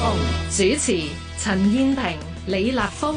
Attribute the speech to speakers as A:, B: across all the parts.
A: Oh. Oh.
B: 主持：陳燕萍、李立峰。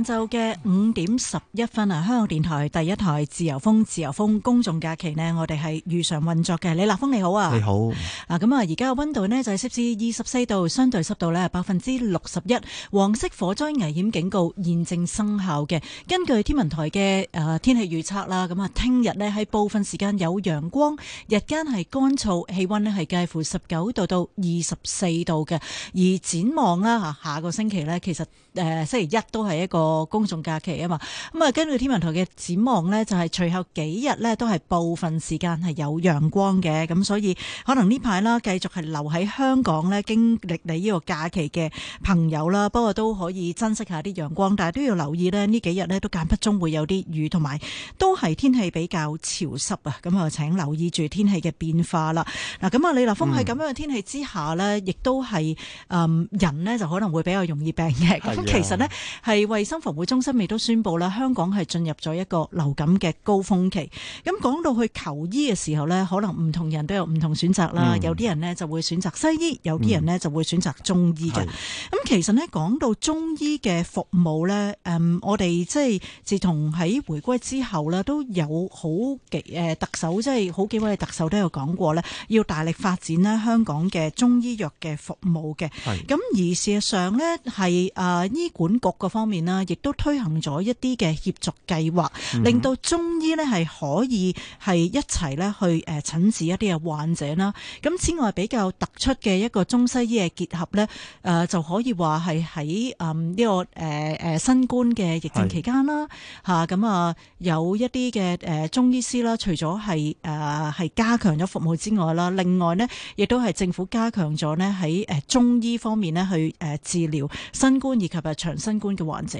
B: 晏晝嘅五點十一分啊，香港電台第一台自由風，自由風公眾假期呢我哋係如常運作嘅。李立峰你好啊，你好。啊，咁啊，而家嘅溫度呢，就係攝氏二十四度，相對濕度呢，係百分之六十一。黃色火災危險警告現正生效嘅。根據天文台嘅誒、呃、天氣預測啦，咁啊，聽日呢，喺部分時間有陽光，日間係乾燥，氣溫呢係介乎十九度到二十四度嘅。而展望啦，下個星期呢，其實誒、呃、星期一都係一個。個公眾假期啊嘛，咁啊，根據天文台嘅展望呢，就係、是、隨後幾日呢，都係部分時間係有陽光嘅，咁所以可能呢排啦，繼續係留喺香港呢經歷你呢個假期嘅朋友啦，不過都可以珍惜一下啲陽光，但係都要留意咧，呢幾日呢都間不中會有啲雨，同埋都係天氣比較潮濕啊，咁啊，請留意住天氣嘅變化啦。嗱，咁啊，李立峰喺咁樣嘅天氣之下呢，亦、嗯、都係誒、嗯、人呢就可能會比較容易病嘅，咁、哎、呀其實呢，係為生防會中心亦都宣佈啦，香港係進入咗一個流感嘅高峰期。咁講到去求醫嘅時候咧，可能唔同人都有唔同選擇啦。嗯、有啲人咧就會選擇西醫，有啲人咧就會選擇中醫嘅。咁、嗯、其實咧講到中醫嘅服務咧，誒、嗯、我哋即係自從喺回歸之後咧，都有好幾誒、呃、特首，即、就、係、是、好幾位特首都有講過咧，要大力發展咧香港嘅中醫藥嘅服務嘅。咁是而事實上咧，係誒、呃、醫管局個方面啦。亦都推行咗一啲嘅協助計劃，令到中醫咧係可以係一齊咧去誒診治一啲嘅患者啦。咁此外，比較突出嘅一個中西醫嘅結合咧，誒、呃、就可以話係喺誒呢個誒誒、呃、新冠嘅疫情期間啦。吓咁是啊、呃，有一啲嘅誒中醫師啦，除咗係誒係加強咗服務之外啦，另外咧亦都係政府加強咗咧喺誒中醫方面咧去誒治療新冠以及誒長新冠嘅患者。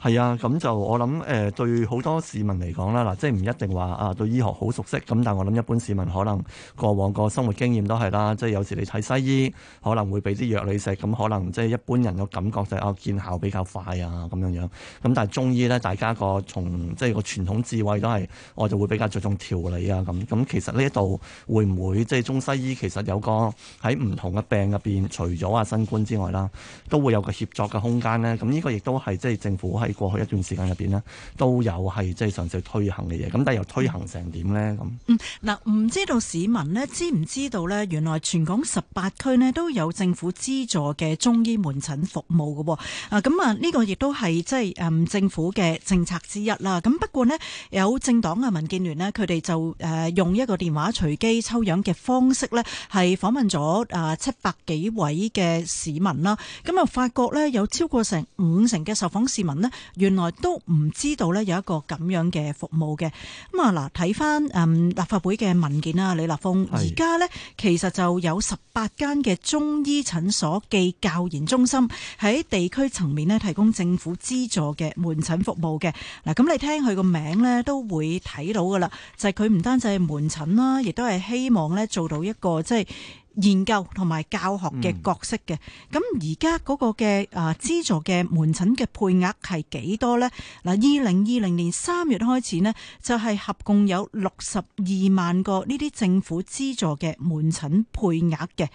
C: 係啊，咁就我諗誒、呃，對好多市民嚟講啦，嗱，即係唔一定話啊對醫學好熟悉，咁但係我諗一般市民可能過往個生活經驗都係啦，即係有時你睇西醫可能會俾啲藥你食，咁可能即係一般人個感覺就係、是、哦、啊、見效比較快啊咁樣樣，咁但係中醫呢，大家個從即係個傳統智慧都係，我就會比較着重調理啊咁，咁其實呢一度會唔會即係中西醫其實有個喺唔同嘅病入邊，除咗啊新冠之外啦，都會有個協作嘅空間呢。咁、這、呢個亦都係即係。政府喺過去一段時間入邊咧，都有係即係嘗試推行嘅嘢，咁但係又推行成點呢？咁嗯，
B: 嗱，唔知道市民呢，知唔知道呢？原來全港十八區咧都有政府資助嘅中醫門診服務嘅喎，啊咁啊，呢、呢個亦都係即係誒政府嘅政策之一啦。咁、啊、不過呢，有政黨嘅民建聯呢，佢哋就誒、啊、用一個電話隨機抽樣嘅方式呢，係訪問咗啊七百幾位嘅市民啦。咁啊，發、啊、覺呢，有超過成五成嘅受訪市民呢，原來都唔知道呢，有一個咁樣嘅服務嘅。咁啊嗱，睇翻誒立法會嘅文件啦，李立峰而家是呢，其實就有十八間嘅中醫診所暨教研中心喺地區層面呢，提供政府資助嘅門診服務嘅。嗱，咁你聽佢個名呢，都會睇到噶啦，就係佢唔單止係門診啦，亦都係希望呢做到一個即係。就是研究同埋教學嘅角色嘅，咁而家嗰個嘅啊資助嘅門診嘅配額係幾多呢？嗱，二零二零年三月開始呢，就係、是、合共有六十二萬個呢啲政府資助嘅門診配額嘅，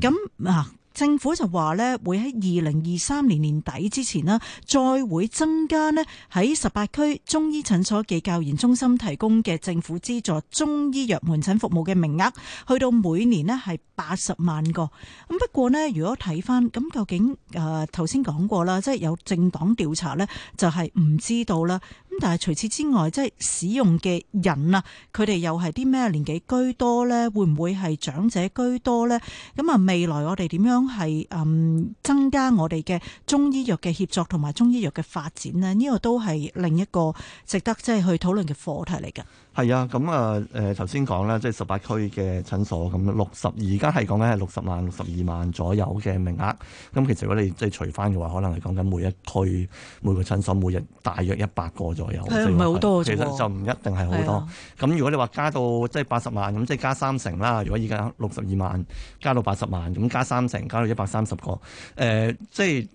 B: 咁啊、嗯。政府就話呢，會喺二零二三年年底之前呢，再會增加呢喺十八區中醫診所嘅教研中心提供嘅政府資助中醫藥門診服務嘅名額，去到每年呢係八十萬個。咁不過呢，如果睇翻，咁究竟誒頭先講過啦，即係有政黨調查呢，就係、是、唔知道啦。但係除此之外，即係使用嘅人啊，佢哋又係啲咩年紀居多呢？會唔會係長者居多呢？咁啊，未來我哋點樣係嗯增加我哋嘅中醫藥嘅協作同埋中醫藥嘅發展呢？呢、呢個都係另一個值得即係去討論嘅課題嚟嘅。
C: 係啊，咁啊，誒頭先講啦即係十八區嘅診所咁，六十，而家係講緊係六十萬六十二萬左右嘅名額。咁其實如果你即係除返嘅話，可能係講緊每一區每個診所每日大約一百個左右。係啊，唔係好多。其實就唔一定係好多。咁的如果你話加到即係八十萬，咁即係加三成啦。如果而家六十二萬加到八十萬，咁加三成，加到一百三十個。呃，即係。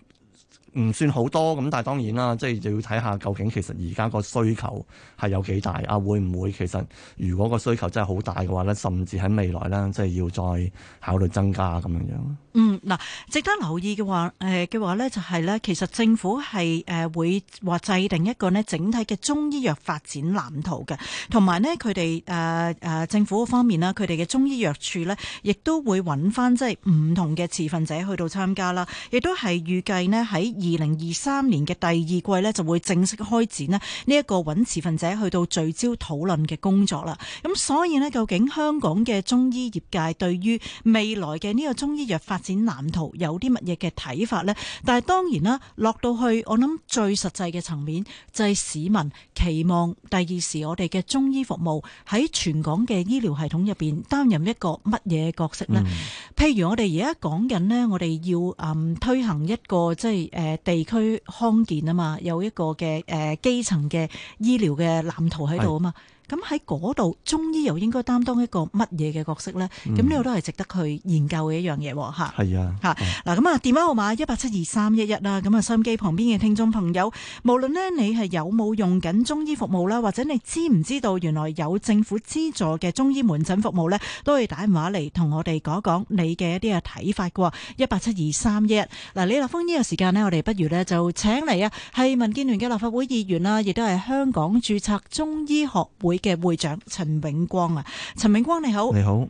C: 唔算好多咁，但係當然啦，即係要睇下究竟其實而家個需求係有幾大啊？會唔會其實如果個需求真係好大嘅話咧，甚至喺未來咧，即係要再考慮增加咁樣樣。
B: 嗯，嗱，值得留意嘅話誒嘅話咧就係咧，其實政府係誒會話制定一個咧整體嘅中醫藥發展藍圖嘅，同埋咧佢哋誒誒政府嗰方面啦，佢哋嘅中醫藥處咧，亦都會揾翻即係唔同嘅持份者去到參加啦，亦都係預計咧喺二零二三年嘅第二季呢，就會正式開展呢呢一個揾持份者去到聚焦討論嘅工作啦。咁所以呢，究竟香港嘅中醫業界對於未來嘅呢個中醫藥發展藍圖有啲乜嘢嘅睇法呢？但係當然啦，落到去我諗最實際嘅層面就係、是、市民期望第二時我哋嘅中醫服務喺全港嘅醫療系統入邊擔任一個乜嘢角色呢？嗯、譬如我哋而家講緊呢，我哋要、嗯、推行一個即係誒。呃誒地區康健啊嘛，有一個嘅誒基層嘅醫療嘅藍圖喺度啊嘛。咁喺嗰度，中醫又應該擔當一個乜嘢嘅角色咧？咁呢個都係值得去研究嘅一樣嘢喎，係係啊，吓，嗱咁啊，電話號碼一八七二三一一啦，咁啊，收音機旁邊嘅聽眾朋友，無論咧你係有冇用緊中醫服務啦，或者你知唔知道原來有政府資助嘅中醫門診服務咧，都可以打電話嚟同我哋講一講你嘅一啲嘅睇法嘅，一八七二三一一嗱，2, 3, 李立峯呢個時間咧，我哋不如咧就請嚟啊，係民建聯嘅立法會議員啦，亦都係香港註冊中醫學會。嘅會長陳永光啊，陳永光你好，你好，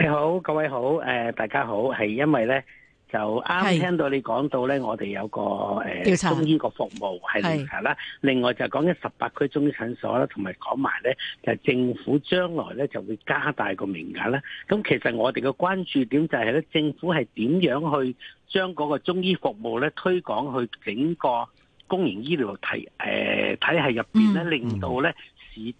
D: 你好，各位好，誒，大家好，係因為咧就啱啱聽到你講到咧，我哋有個誒中醫個服務係調查啦，另外就講緊十八區中醫診所啦，同埋講埋咧就政府將來咧就會加大個名額啦。咁其實我哋嘅關注點就係咧，政府係點樣去將嗰個中醫服務咧推廣去整個公營醫療體誒體系入邊咧，令到咧。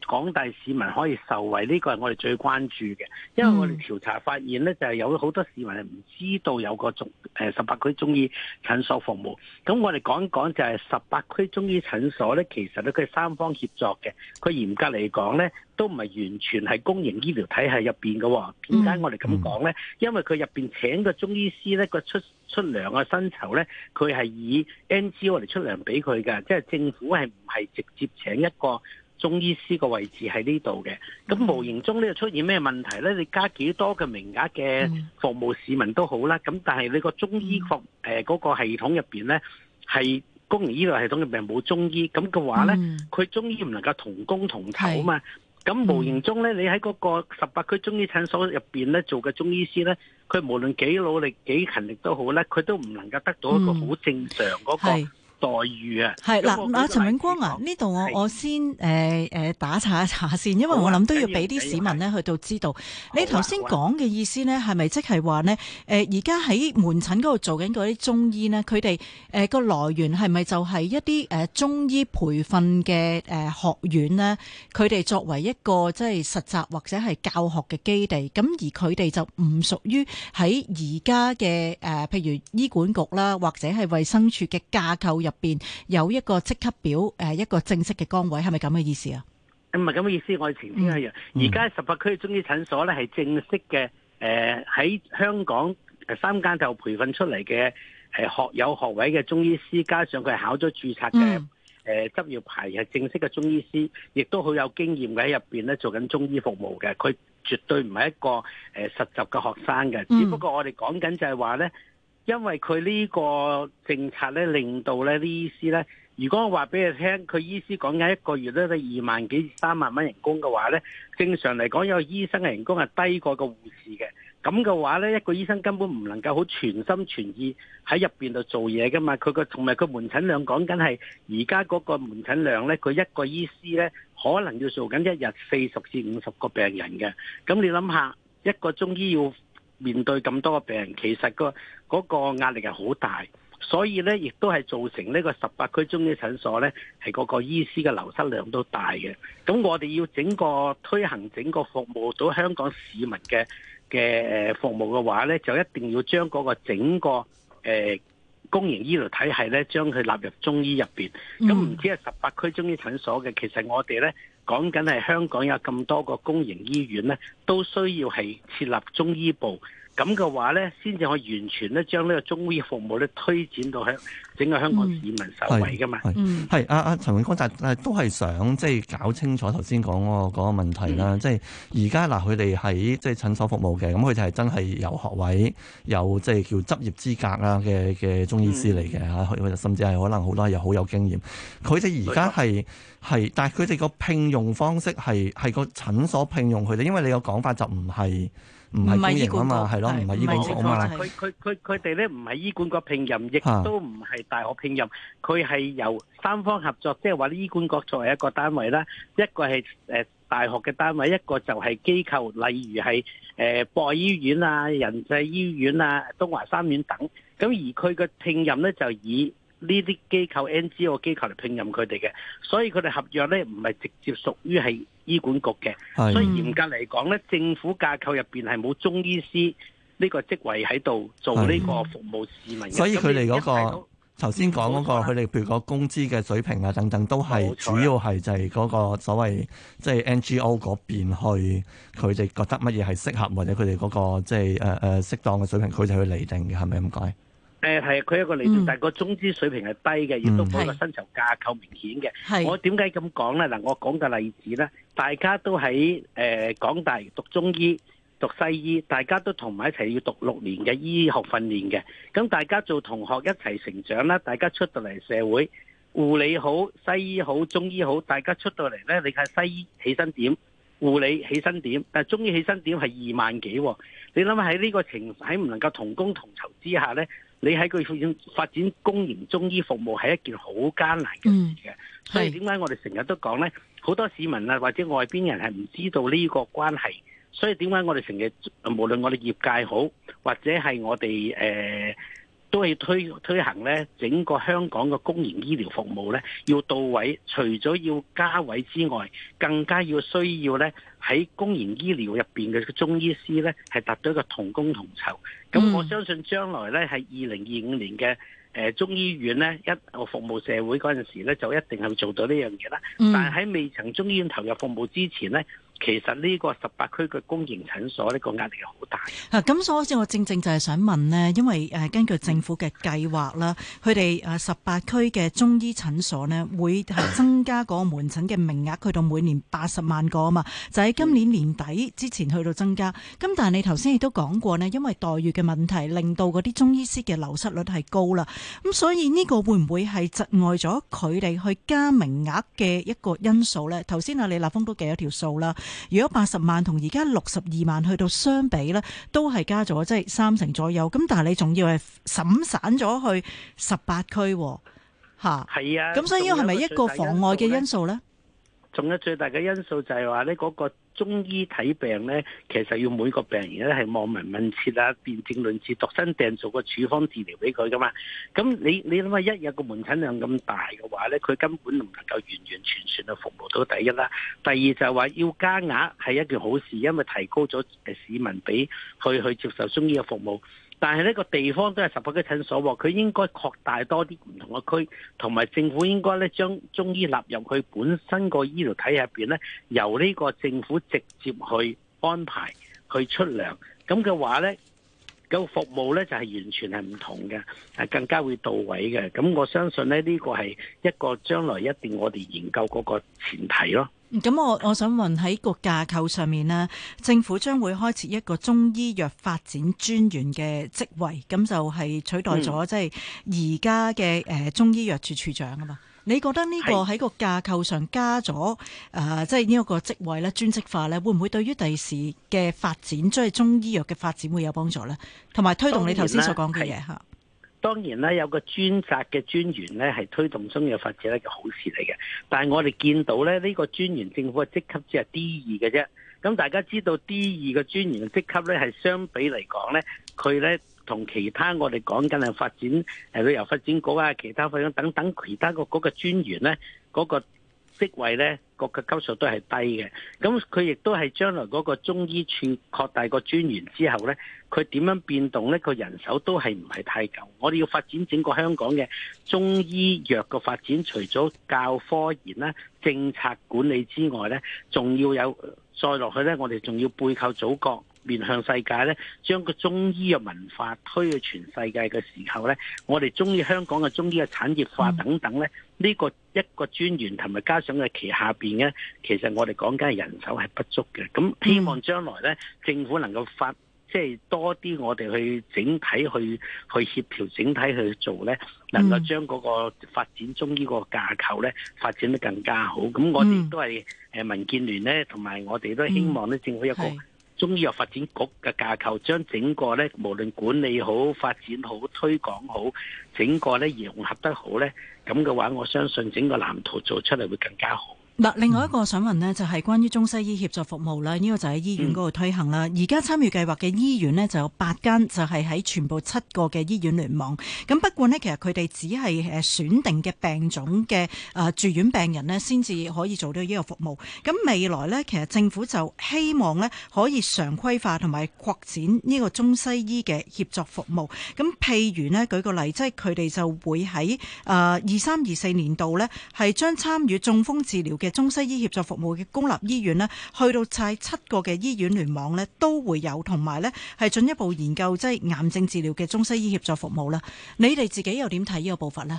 D: 廣大市民可以受惠，呢個係我哋最關注嘅，因為我哋調查發現呢就係有好多市民係唔知道有個中誒十八區中醫診所服務。咁我哋講一講就係十八區中醫診所呢，其實咧佢係三方協作嘅。佢嚴格嚟講呢都唔係完全係公營醫療體系入邊嘅。點解我哋咁講呢？因為佢入邊請個中醫師呢個出出糧嘅薪酬呢，佢係以 NGO 嚟出糧俾佢嘅，即係政府係唔係直接請一個。中醫師個位置喺呢度嘅，咁無形中呢就出現咩問題呢？嗯、你加幾多嘅名額嘅服務市民都好啦，咁、嗯、但係你個中醫服誒嗰、嗯呃嗰個系統入邊呢，係公營醫療系統入邊冇中醫，咁嘅話呢，佢、嗯、中醫唔能夠同工同酬嘛？咁是無形中呢，嗯、你喺嗰個十八區中醫診所入邊呢做嘅中醫師呢，佢無論幾努力幾勤力都好呢，佢都唔能夠得到一個好正常嗰、嗰個。嗯待遇啊，係嗱的，阿
B: 陳永光啊，呢度的我我先誒誒、呃、打岔一打先，因為我諗都要俾啲市民咧去到知道，啊、你頭先講嘅意思咧係咪即係話咧誒而家喺門診嗰度做緊嗰啲中醫咧，佢哋誒個來源係咪就係一啲誒中醫培訓嘅誒學院咧？佢哋作為一個即係實習或者係教學嘅基地，咁而佢哋就唔屬於喺而家嘅誒譬如醫管局啦，或者係衛生署嘅架構。入邊有一個職級表，誒，一個正式嘅崗位，係咪咁嘅意思啊？
D: 唔係咁嘅意思，我哋澄清下嘅。而家，嗯、十八區中醫診所咧係正式嘅，誒，呃，喺香港三間大學培訓出嚟嘅，誒，呃，學有學位嘅中醫師，加上佢考咗注冊嘅，誒執業牌，係正式嘅中醫師，亦都好有經驗嘅喺入邊咧做緊中醫服務嘅。佢絕對唔係一個誒，呃，實習嘅學生嘅，只不過我哋講緊就係話咧。嗯因為佢呢個政策咧，令到呢啲，這個，醫師呢，如果我話俾你聽，佢醫師講緊一個月都得二萬幾三萬蚊人工嘅話呢，正常嚟講，有個醫生嘅人工係低過個護士嘅。咁嘅話呢，一個醫生根本唔能夠好全心全意喺入邊度做嘢㗎嘛。佢個同埋佢門診量講緊係而家嗰個門診量呢，佢一個醫師呢，可能要做緊一日四十至五十個病人嘅。咁你諗下，一個中醫要面對咁多個病人，其實個嗰個壓力係好大，所以咧亦都係造成呢個十八區中醫診所咧係個個醫師嘅流失量都大嘅。咁我哋要整個推行整個服務到香港市民嘅嘅服務嘅話咧，就一定要將嗰個整個誒、呃、公營醫療體系咧，將佢納入中醫入面。咁唔止係十八區中醫診所嘅，其實我哋咧。講緊係香港有咁多個公營醫院咧，都需要係設立中醫部。咁嘅話咧，先至可以完全咧將呢個中醫服務咧推展到喺整個香港市民受
C: 惠噶嘛。係啊啊，陳永光，但都係想即係搞清楚頭先講嗰個問題啦。即係而家嗱，佢哋喺即係診所服務嘅，咁佢就係真係有學位、有即係叫執業資格啊嘅嘅中醫師嚟嘅嚇。佢佢、嗯、甚至係可能好多又好有經驗。佢哋而家係係，但係佢哋個聘用方式係係個診所聘用佢哋，因為你個講法就唔係。唔係醫管局嘛，係咯，唔係醫管局嘛，佢
D: 佢佢佢哋咧唔係醫管局聘任，亦都唔係大學聘任，佢係、啊、由三方合作，即係話醫管局作為一個單位啦，一個係大學嘅單位，一個就係機構，例如係誒博愛醫院啊、仁濟醫院啊、東華三院等，咁而佢嘅聘任咧就以呢啲機構 NGO 的機構嚟聘任佢哋嘅，所以佢哋合約咧唔係直接屬於係醫管局嘅，所以嚴格嚟講咧，政府架構入邊係冇中醫師呢個職位喺度做呢個服務市民的。 所以佢哋嗰
C: 個頭先講嗰個，佢哋譬如講工資嘅水平啊等等，都係主要係就係嗰個所謂即係 NGO 嗰邊去，佢哋覺得乜嘢係適合，或者佢哋嗰個即係誒誒適當嘅水平，佢哋去釐定嘅，係咪唔該？
E: 誒，係佢一
D: 個例子，但係個中資水平係低嘅，亦都冇個薪酬架構明顯嘅是。我點解咁講咧？嗱，我講個例子咧，大家都喺誒、呃、港大讀中醫、讀西醫，大家都同埋一齊要讀六年嘅醫學訓練嘅。咁大家做同學一齊成長啦，大家出到嚟社會，護理好、西醫好、中醫好，大家出到嚟咧，你睇西醫起身點，護理起身點，但、呃、係中醫起身點係二萬幾、哦。你諗下喺呢個情喺唔能夠同工同酬之下咧？你喺佢發展公營中醫服務係一件好艱難嘅事嘅。嗯、所以點解我哋成日都講呢？好多市民啊，或者外邊人係唔知道呢個關係，所以點解我哋成日，無論我哋業界好，或者係我哋誒、呃都係推推行咧，整個香港嘅公營醫療服務咧，要到位，除咗要加位之外，更加要需要咧，喺公營醫療入邊嘅中醫師咧，係達到一個同工同酬。咁我相信將來咧，係二零二五年嘅誒中醫院咧一個、mm. 服務社會嗰陣時咧，就一定係會做到呢樣嘢啦。但係喺未曾中醫院投入服務之前咧。其實呢個十八區嘅公營診所呢個壓力好
B: 大。咁、嗯、所以我正正就係想問呢，因為根據政府嘅計劃啦，佢哋十八區嘅中醫診所呢會係增加個門診嘅名額，去到每年八十萬個啊嘛。就喺今年年底之前去到增加。咁但係你頭先亦都講過呢，因為待遇嘅問題，令到嗰啲中醫師嘅流失率係高啦。咁所以呢個會唔會係窒礙咗佢哋去加名額嘅一個因素呢？頭先啊李立峰都計咗條數啦。如果八十萬同而家六十二萬去到相比呢，都係加咗，即係三成左右。咁但係你仲要係審散咗去十八區，吓，係啊。
D: 咁所以呢個係咪一個妨礙
B: 嘅因素呢？
D: 仲有最大嘅因素就係話咧，嗰個中醫睇病咧，其實要每個病人咧係望聞問切啊，辨證論治，度身訂做個處方治療俾佢噶嘛。咁你你諗下，一有個門診量咁大嘅話咧，佢根本唔能夠完完全全嘅服務到第一啦。第二就係話要加額係一件好事，因為提高咗誒市民俾去去接受中醫嘅服務。但係呢個地方都係十八個診所，佢應該擴大多啲唔同嘅區，同埋政府應該咧將中醫納入佢本身個醫療體系入邊咧，由呢個政府直接去安排去出糧，咁嘅話咧，個服務咧就係完全係唔同嘅，係更加會到位嘅。咁我相信咧呢個係一個將來一定我哋研究嗰個前提咯。
B: 咁我我想問喺個架構上面呢，政府將會開設一個中醫藥發展專員嘅職位，咁就係取代咗即係而家嘅誒中醫藥處處長啊嘛。你覺得呢個喺個架構上加咗誒，即係呢一個職位咧，專職化咧，會唔會對於第時嘅發展即係、就是、中醫藥嘅發展會有幫助咧？同埋推動你頭先所講嘅嘢吓。
D: 當然咧，有個專責嘅專員咧，係推動中醫藥發展咧嘅好事嚟嘅。但係我哋見到咧，呢個專員政府嘅職級只係 D 二嘅啫。咁大家知道 D 二嘅專員嘅職級咧，係相比嚟講咧，佢咧同其他我哋講緊嘅發展誒旅遊發展局啊，其他發展等等其他個嗰個專員咧，那、嗰、個職位呢，各個級數都係低嘅。咁佢亦都係將來嗰個中醫處擴大個專員之後呢，佢點樣變動呢？佢人手都係唔係太夠。我哋要發展整個香港嘅中醫藥嘅發展，除咗教科研啦、政策管理之外呢，仲要有再落去呢，我哋仲要背靠祖國。面向世界咧，將個中醫嘅文化推去全世界嘅時候咧，我哋中醫香港嘅中醫嘅產業化等等咧，呢、這個一個專員同埋加上嘅旗下邊咧，其實我哋講緊係人手係不足嘅。咁希望將來咧，政府能夠發即係、就是、多啲我哋去整體去去協調整體去做咧，能夠將嗰個發展中醫個架構咧發展得更加好。咁我哋都係誒民建聯咧，同埋我哋都希望咧、嗯、政府一個。中醫藥發展局嘅架構，將整個咧，無論管理好、發展好、推廣好，整個咧融合得好咧，咁嘅話，我相信整個藍圖做出嚟會更加好。
B: 嗱，另外一個想問咧，就係關於中西醫協作服務啦，呢、嗯、個就喺醫院嗰度推行啦。而家參與計劃嘅醫院咧，就有八間，就係喺全部七個嘅醫院聯網。咁不過咧，其實佢哋只係誒選定嘅病種嘅誒、呃、住院病人咧，先至可以做到呢個服務。咁未來咧，其實政府就希望咧，可以常規化同埋擴展呢個中西醫嘅協作服務。咁譬如咧，舉個例子，即係佢哋就會喺誒二三二四年度咧，係將參與中風治療。中西醫協作服務嘅公立醫院咧，去到晒七個嘅醫院聯網咧，都會有同埋咧係進一步研究，即係癌症治療嘅中西醫協作服務啦。你哋自己又點睇呢個步伐咧？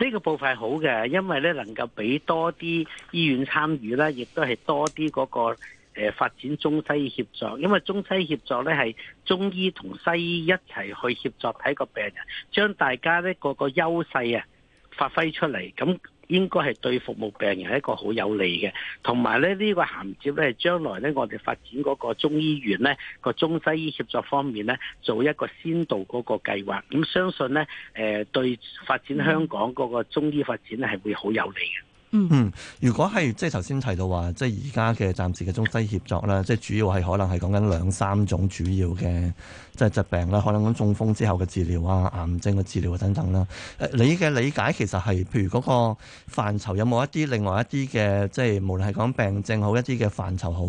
D: 呢個步伐係好嘅，因為咧能夠俾多啲醫院參與啦，亦都係多啲嗰個誒發展中西醫協作。因為中西醫協作咧係中醫同西醫一齊去協作睇個病人，將大家咧嗰個優勢啊發揮出嚟咁。應該係對服務病人係一個好有利嘅，同埋咧呢個銜接咧，將來咧我哋發展嗰個中醫院咧、嗰個中西醫協作方面咧，做一個先導嗰個計劃，咁相信咧誒對發展香港嗰個中醫發展咧係會好有利嘅。
C: 嗯，嗯，如果係即係頭先提到話，即係而家嘅暫時嘅中西協作啦，即係主要係可能係講緊兩三種主要嘅即係疾病啦，可能講中風之後嘅治療啊、癌症嘅治療啊等等啦。誒，你嘅理解其實係，譬如嗰個範疇有冇一啲另外一啲嘅，即係無論係講病症好一啲嘅範疇好，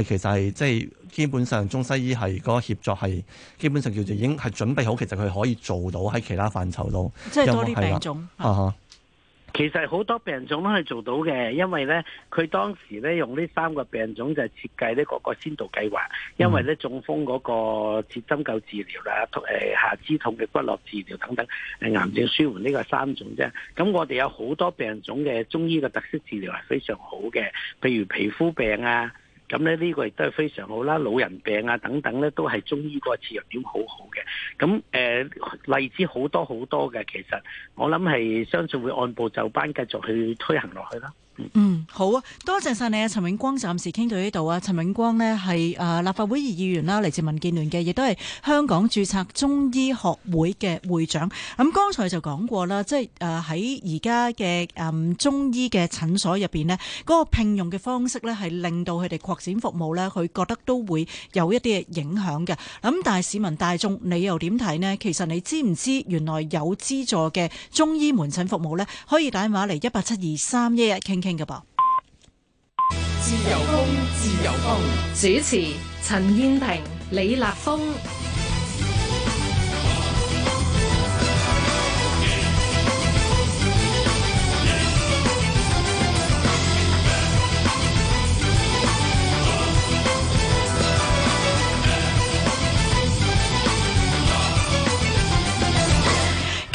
C: 係其實係即係基本上中西醫係嗰個協作係，基本上叫做已經係準備好，其實佢可以做到喺其他範疇度，即係多啲病種。啊
D: 其實好多病種都可以做到嘅，因為咧佢當時咧用呢三個病種就係設計呢個先導計劃，因為咧、嗯、中風嗰個切針灸治療啦，誒、呃、下肢痛嘅骨骼治療等等，誒癌症舒緩呢個三種啫。咁我哋有好多病種嘅中醫嘅特色治療係非常好嘅，譬如皮膚病啊。咁咧呢個亦都係非常好啦，老人病啊等等咧都係中醫個治療點好好嘅，咁誒、呃、例子好多好多嘅，其實我諗係相信會按部就班繼續去推行落去啦。
B: 嗯，好啊，多謝晒你啊，陳永光暫，暫時傾到呢度啊。陳永光呢係誒立法會議員啦，嚟自民建聯嘅，亦都係香港註冊中醫學會嘅會長。咁剛才就講過啦，即係誒喺而家嘅誒中醫嘅診所入邊呢，嗰、嗰個聘用嘅方式呢，係令到佢哋擴展服務呢，佢覺得都會有一啲影響嘅。咁但係市民大眾，你又點睇呢？其實你知唔知原來有資助嘅中醫門診服務呢，可以打電話嚟一八七二三，一日傾傾噃。
A: 自由風，自由風。
B: 主持：陳燕萍、李立峰。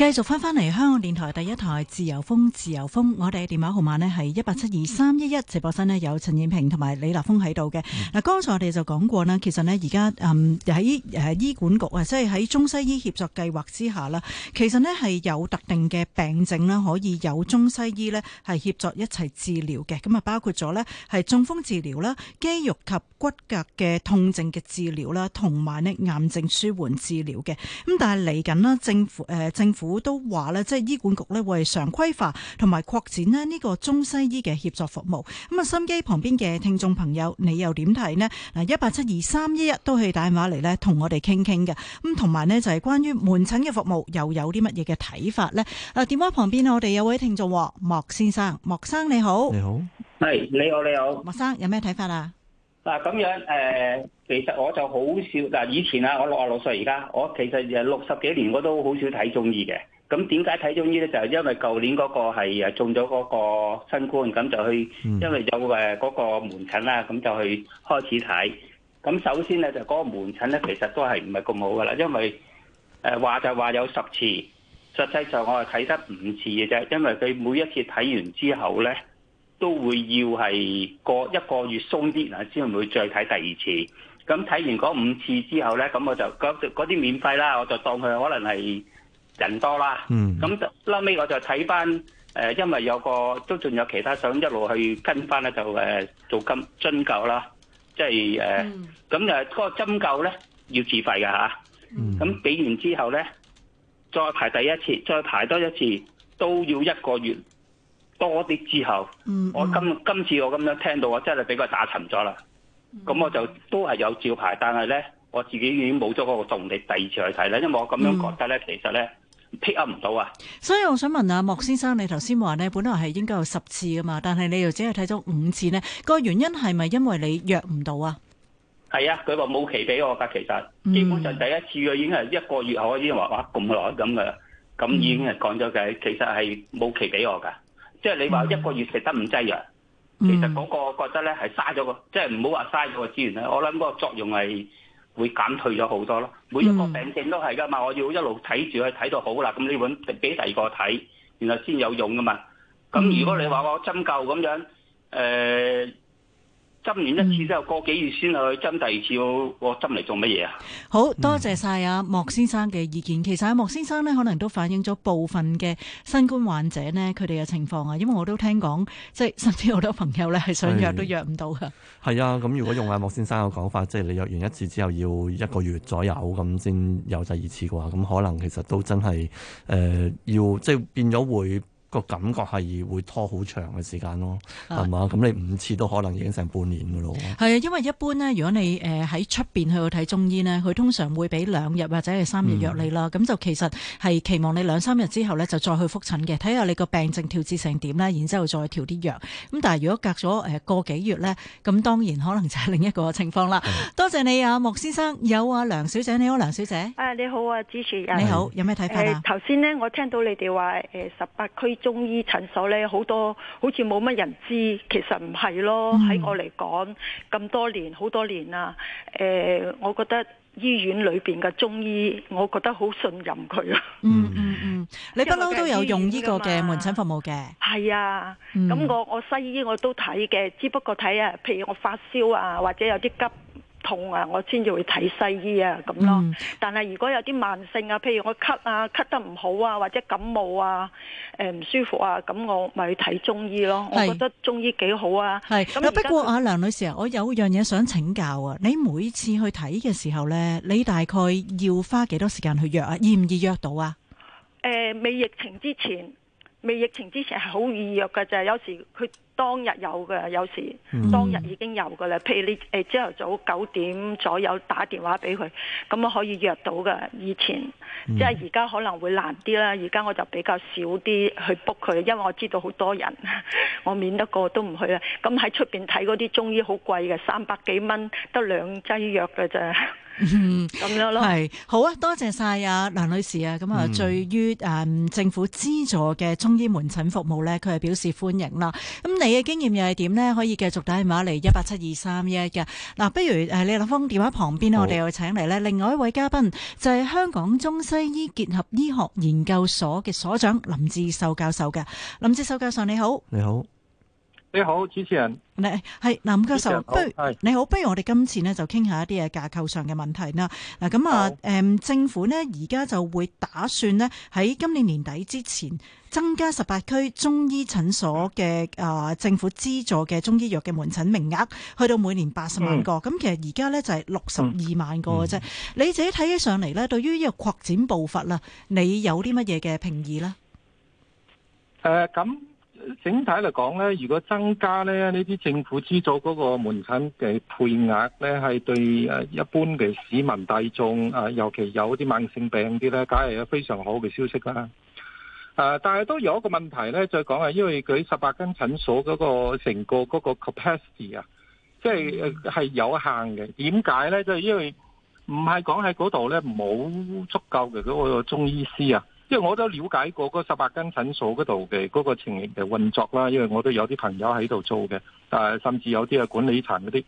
B: 繼續翻翻嚟，香港電台第一台自由風，自由風。我哋嘅電話號碼呢係一八七二三一一。直播室呢有陳燕平同埋李立峰喺度嘅。嗱，剛才我哋就講過啦，其實呢而家嗯喺醫管局啊，即係喺中西醫協作計劃之下啦，其實呢係有特定嘅病症啦，可以有中西醫呢係協作一齊治療嘅。咁啊，包括咗呢係中風治療啦、肌肉及骨骼嘅痛症嘅治療啦，同埋呢癌症舒緩治療嘅。咁但係嚟緊啦，政府誒、呃、政府。都話咧，即係醫管局咧會常規化同埋擴展呢個中西醫嘅協作服務。咁啊，心機旁邊嘅聽眾朋友，你又點睇呢？嗱，一八七二三一一都可以打電話嚟咧，同我哋傾傾嘅。咁同埋呢，就係關於門診嘅服務，又有啲乜嘢嘅睇法呢？啊，電話旁邊我哋有位聽眾，莫先生，莫生你好，你好
F: hey, 你好，你好，係你好你好，莫
B: 生有咩睇法啊？
F: 嗱咁樣誒、呃，其實我就好少嗱。以前啊，我六十六歲，而家我其實六十幾年我都好少睇中醫嘅。咁點解睇中醫咧？就係、是、因為舊年嗰個係中咗嗰個新冠，咁就去，因為有嗰個門診啦，咁就去開始睇。咁首先咧，就、那、嗰個門診咧，其實都係唔係咁好噶啦，因為誒、呃、話就話有十次，實際上我係睇得五次嘅啫，因為佢每一次睇完之後咧。都會要係過一個月鬆啲嗱，先會再睇第二次。咁睇完嗰五次之後咧，咁我就嗰嗰啲免費啦，我就當佢可能係人多啦。咁、嗯、後尾我就睇翻誒，因為有個都仲有其他想一路去跟翻咧、呃，就誒做針針灸啦，即係誒。咁誒嗰個針灸咧要自費㗎吓。咁、啊、俾、嗯、完之後咧，再排第一次，再排多一次都要一個月。多啲之後，嗯嗯、我今今次我咁樣聽到，我真係俾佢打沉咗啦。咁、嗯、我就都係有照牌，但係咧，我自己已經冇咗個動力，第二次去睇啦。因為我咁樣覺得咧，嗯、其實咧 pick up 唔到啊。
B: 所以我想問下，莫先生，你頭先話咧，本來係應該有十次噶嘛，但係你又只係睇咗五次咧，個原因係咪因為你約唔到啊？
F: 係啊，佢話冇期俾我噶，其實基本上第一次佢已經係一個月後，已經話哇咁耐咁啊，咁已經係講咗嘅，嗯、其實係冇期俾我噶。即係你話一個月食得唔劑藥，
G: 其實嗰
F: 個我覺得咧係嘥咗個，嗯、即係唔好話嘥咗個資源啦。我諗嗰個作用係會減退咗好多咯。每一個病症都係噶嘛，我要一路睇住去睇到好啦，咁你揾俾第二個睇，然後先有用噶嘛。咁如果你話我針灸咁樣，誒、呃。針完一次之後，過幾月先去針第二次，我個針嚟做乜嘢啊？
B: 好多謝晒阿、啊、莫先生嘅意見。其實阿、啊、莫先生呢，可能都反映咗部分嘅新冠患者呢，佢哋嘅情況啊。因為我都聽講，即係甚至好多朋友呢，係想約都約唔到㗎。
C: 係啊，咁如果用阿莫先生嘅講法， 即係你約完一次之後要一個月左右咁先有第二次嘅話，咁可能其實都真係誒、呃、要即係變咗會。個感覺係會拖好長嘅時間咯，係嘛、啊？咁你五次都可能已經成半年噶咯。
B: 係啊，因為一般呢，如果你誒喺出邊去到睇中醫呢，佢通常會俾兩日或者係三日藥你啦。咁、嗯、就其實係期望你兩三日之後呢，就再去覆診嘅，睇下你個病症調至成點啦，然之後再調啲藥。咁但係如果隔咗誒個幾月呢，咁當然可能就係另一個情況啦。嗯、多謝你啊，莫先生，有啊，梁小姐，你好，梁小姐。啊，你好啊，主持、啊、你好，有咩睇法啊？頭先呢，呃、我聽
H: 到你哋話誒十八區。中醫診所咧，好多好似冇乜人知，其實唔係咯。喺、嗯、我嚟講，咁多年好多年啊，誒、呃，我覺得醫院裏邊嘅中醫，我覺得好信任佢啊、嗯。嗯嗯
B: 嗯，你不嬲都有用呢個嘅門診服務嘅。
H: 係啊，咁我我西醫我都睇嘅，只不過睇啊，譬如我發燒啊，或者有啲急。痛啊，我先至會睇西醫啊咁咯。嗯、但係如果有啲慢性啊，譬如我咳啊，咳得唔好啊，或者感冒啊，誒、呃、唔舒服啊，咁我咪去睇中醫咯。是我覺得中醫幾好
B: 啊。係是。咁不過阿它梁女士啊，我有樣嘢想請教啊。你每次去睇嘅時候呢，你大概要花幾多時間去約啊？易唔易約到啊？
H: 誒、呃，未疫情之前。未疫情之前係好易約嘅就，有時佢當日有嘅，有時當日已經有嘅啦。譬如你誒朝頭早九點左右打電話俾佢，咁我可以約到嘅。以前即係而家可能會難啲啦，而家我就比較少啲去 book 佢，因為我知道好多人，我免得個都唔去啦。咁喺出邊睇嗰啲中醫好貴嘅，三百幾蚊得兩劑藥嘅咋。
B: 咁樣咯，係好啊！多謝晒阿梁女士啊。咁啊，對於誒政府資助嘅中醫門診服務咧，佢係表示歡迎啦。咁你嘅經驗又係點咧？可以繼續打電話嚟一八七二三一嘅嗱。不如誒，你留返個電話旁邊，我哋又請嚟咧另外一位嘉賓，就係香港中西醫結合醫學研究所嘅所長林志秀教授㗎。林志秀教授，你好，
C: 你好。
I: 你
B: 好，主持人。係，林教授。你好，是不如我哋今次呢就傾下一啲嘅架構上嘅問題啦。嗱，咁啊，誒好、嗯，政府呢而家就會打算呢，喺今年年底之前增加十八區中醫診所嘅、嗯、啊政府資助嘅中醫藥嘅門診名額，去到每年八十萬個。咁、嗯、其實而家呢就係六十二萬個嘅啫。嗯嗯、你自己睇起上嚟呢，對於呢個擴展步伐啦，你有啲乜嘢嘅評議呢？誒、
I: 啊，咁。整體嚟講咧，如果增加咧，呢啲政府資助嗰個門診嘅配額咧，係對啊一般嘅市民大眾啊，尤其有啲慢性病啲咧，梗係有非常好嘅消息啦。誒、啊，但係都有一個問題咧，就係講係，因為佢十八間診所嗰個成個嗰個 capacity 啊，即係，即係係有限嘅。點解咧？就係，因為唔係講喺嗰度咧冇足夠嘅嗰個中醫師啊。即係我都了解過嗰十八間診所嗰度嘅嗰個情形嘅運作啦，因為我都有啲朋友喺度做嘅，誒，甚至有啲係管理層嗰啲。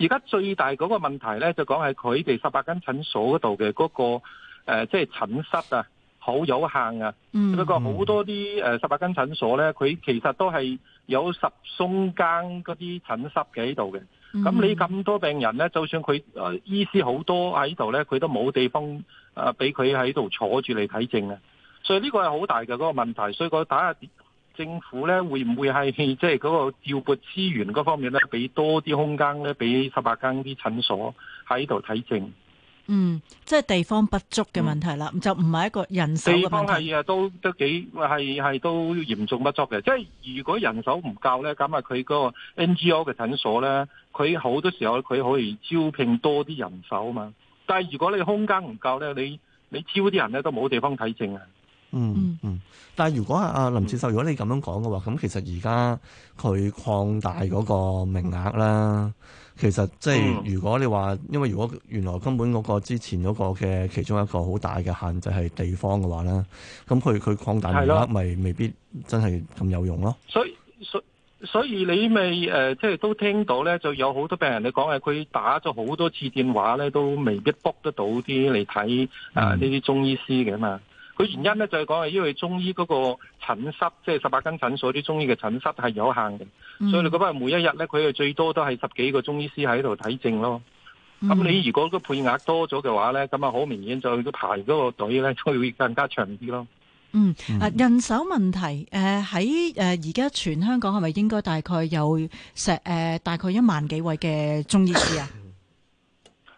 I: 而家最大嗰個問題咧，就講係佢哋十八間診所嗰度嘅嗰個誒，即係診室啊，好有限啊。嗯，不過好多啲誒，十八間診所咧，佢其實都係有十鬆間嗰啲診室嘅喺度嘅。咁你咁多病人咧，就算佢誒醫師好多喺度咧，佢都冇地方誒俾佢喺度坐住嚟睇症啊！所以呢個係好大嘅嗰個問題，所以我打下政府咧，會唔會係即係嗰個調撥資源嗰方面咧，俾多啲空間咧，俾十八間啲診所喺度睇症？
B: 嗯，即係地方不足嘅問題啦，嗯、就唔係一個人手嘅問題。地
I: 方係啊，都都幾係係都嚴重不足嘅。即係如果人手唔夠咧，咁啊佢個 NGO 嘅診所咧，佢好多時候佢可以招聘多啲人手啊嘛。但係如果你空間唔夠咧，你你招啲人咧都冇地方睇症啊。嗯
C: 嗯。但係如果啊林志秀，嗯、如果你咁樣講嘅話，咁其實而家佢擴大嗰個名額啦。嗯嗯其實即係如果你話，因為如果原來根本嗰個之前嗰個嘅其中一個好大嘅限制係地方嘅話咧，咁佢佢擴大而家，咪的未必真係咁有用咯。所以
I: 所所以你咪誒、呃，即係都聽到咧，就有好多病人你講係佢打咗好多次電話咧，都未必 book 得到啲嚟睇啊呢啲中醫師嘅嘛。嗯佢原因咧就係講係因為中醫嗰個診室，即係十八間診所啲中醫嘅診室係有限嘅，嗯、所以你覺得每一日咧佢係最多都係十幾個中醫師喺度睇症咯。咁、嗯、你如果配額個配額多咗嘅話咧，咁啊好明顯就佢排嗰個隊咧都會更加長啲咯。嗯，
B: 啊人手問題，誒喺誒而家全香港係咪應該大概有成誒、呃、大概一萬幾位嘅中醫師啊？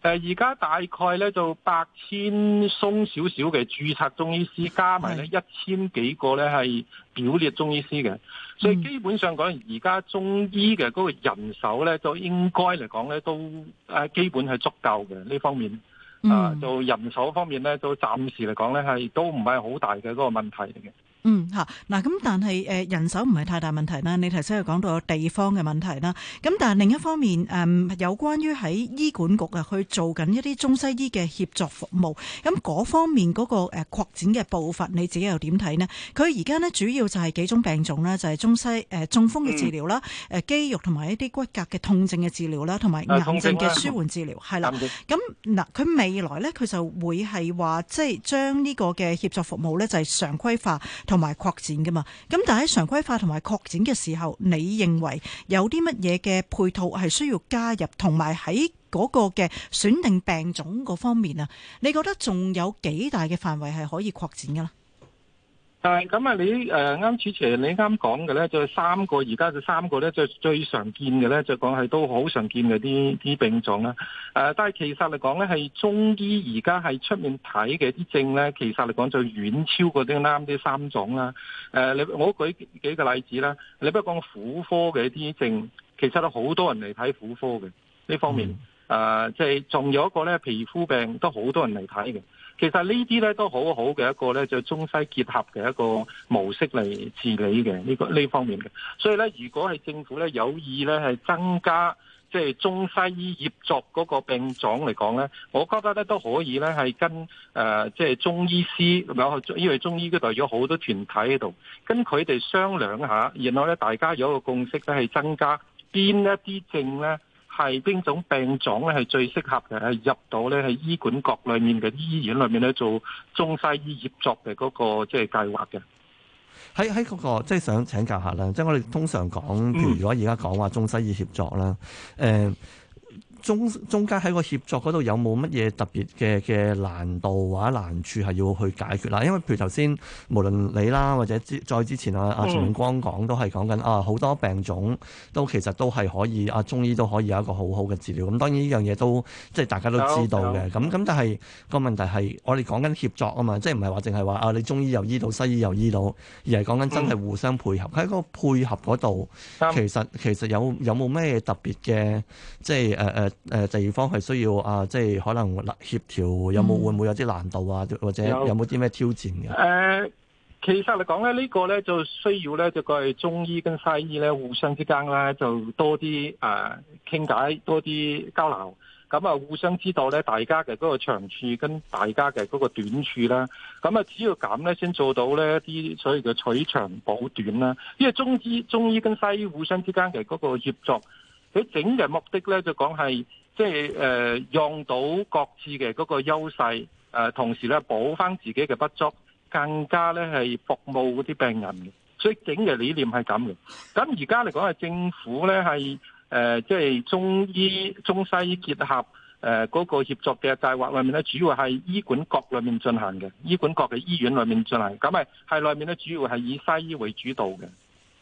I: 誒，而家大概咧就八千鬆少少嘅註冊中醫師，加埋咧一千幾個咧係表列中醫師嘅，所以基本上講而家中醫嘅嗰個人手咧，都應該嚟講咧都誒基本係足夠嘅，呢方面，啊，就人手方面咧，都暫時嚟講咧係都唔係好大嘅嗰個問題嚟嘅。
B: 嗯吓，嗱、嗯、咁但係誒人手唔係太大問題啦。你頭先又講到地方嘅問題啦，咁但係另一方面，誒、嗯、有關於喺醫管局啊去做緊一啲中西醫嘅協作服務，咁、嗯、嗰方面嗰個誒擴展嘅步伐，你自己又點睇呢？佢而家呢主要就係幾種病種啦，就係、是、中西中風嘅治療啦，嗯、肌肉同埋一啲骨骼嘅痛症嘅治療啦，同埋癌症嘅舒緩治療，係啦。咁嗱，佢未來呢，佢就會係話即係將呢個嘅協作服務呢，就係、是、常規化。同埋擴展㗎嘛，咁但係喺常規化同埋擴展嘅時候，你認為有啲乜嘢嘅配套係需要加入，同埋喺嗰個嘅選定病種嗰方面啊？你覺得仲有幾大嘅範圍係可以擴展㗎喇？
I: 但係咁啊，你誒啱、呃、主持你啱講嘅咧，就是、三個，而家就三個咧，就是、最常見嘅咧，就講、是、係都好常見嘅啲啲病狀啦。誒、呃，但係其實嚟講咧，係中醫而家係出面睇嘅啲症咧，其實嚟講就遠超過啲啱啲三種啦。誒、呃，你我舉幾個例子啦。你不如講婦科嘅啲症，其實都好多人嚟睇婦科嘅呢方面。誒、嗯，即係仲有一個咧，皮膚病都好多人嚟睇嘅。其實呢啲咧都好好嘅一個咧，就中西結合嘅一個模式嚟治理嘅呢個呢方面嘅。所以咧，如果係政府咧有意咧係增加即係中西醫協作嗰個病種嚟講咧，我覺得咧都可以咧係跟誒即係中醫師，因為中醫都代表好多團體喺度，跟佢哋商量下，然後咧大家有一個共識咧係增加邊一啲症咧。係邊種病種咧，係最適合嘅，係入到咧，係醫管局裏面嘅醫院裏面咧做中西醫協作嘅嗰個即係計劃嘅。
C: 喺喺嗰個即係想請教下啦，即係我哋通常講，譬如如果而家講話中西醫協作啦，誒。中中間喺個協作嗰度有冇乜嘢特別嘅嘅難度或者難處係要去解決啦？因為譬如頭先無論你啦，或者之再之前光都啊啊陳永光講都係講緊啊好多病種都其實都係可以啊中醫都可以有一個好好嘅治療。咁當然呢樣嘢都即係大家都知道嘅。咁咁 Okay, okay. 但係個問題係我哋講緊協作啊嘛，即係唔係話淨係話啊你中醫又醫到西醫又醫到，而係講緊真係互相配合，喺個配合嗰度，其實其實有有冇咩特別嘅即係誒、呃誒，地、呃、方係需要啊，即係可能協調，有冇、嗯、會唔會有啲難度啊，或者有冇啲咩挑戰嘅？
I: 誒、嗯呃，其實嚟講咧，呢、這個咧就需要咧，就個係中醫跟西醫咧，互相之間咧就多啲誒傾偈，多啲交流，咁啊互相知道咧大家嘅嗰個長處，跟大家嘅嗰個短處啦，咁啊只要咁咧，先做到咧啲所謂嘅取長補短啦。因為中醫中醫跟西醫互相之間嘅嗰個協作。佢整嘅目的咧，就講係即係誒，用到各自嘅嗰個優勢，誒、呃，同時咧補返自己嘅不足，更加咧係服務嗰啲病人嘅。所以整嘅理，理念係咁嘅。咁而家嚟講，係政府咧係誒，即係、呃就是、中醫中西醫結合，誒、呃，嗰、那個協作嘅計劃裏面咧，主要係醫管局裏面進行嘅，醫管局嘅醫院裏面進行的。咁係係裏面咧，主要係以西醫為主導嘅。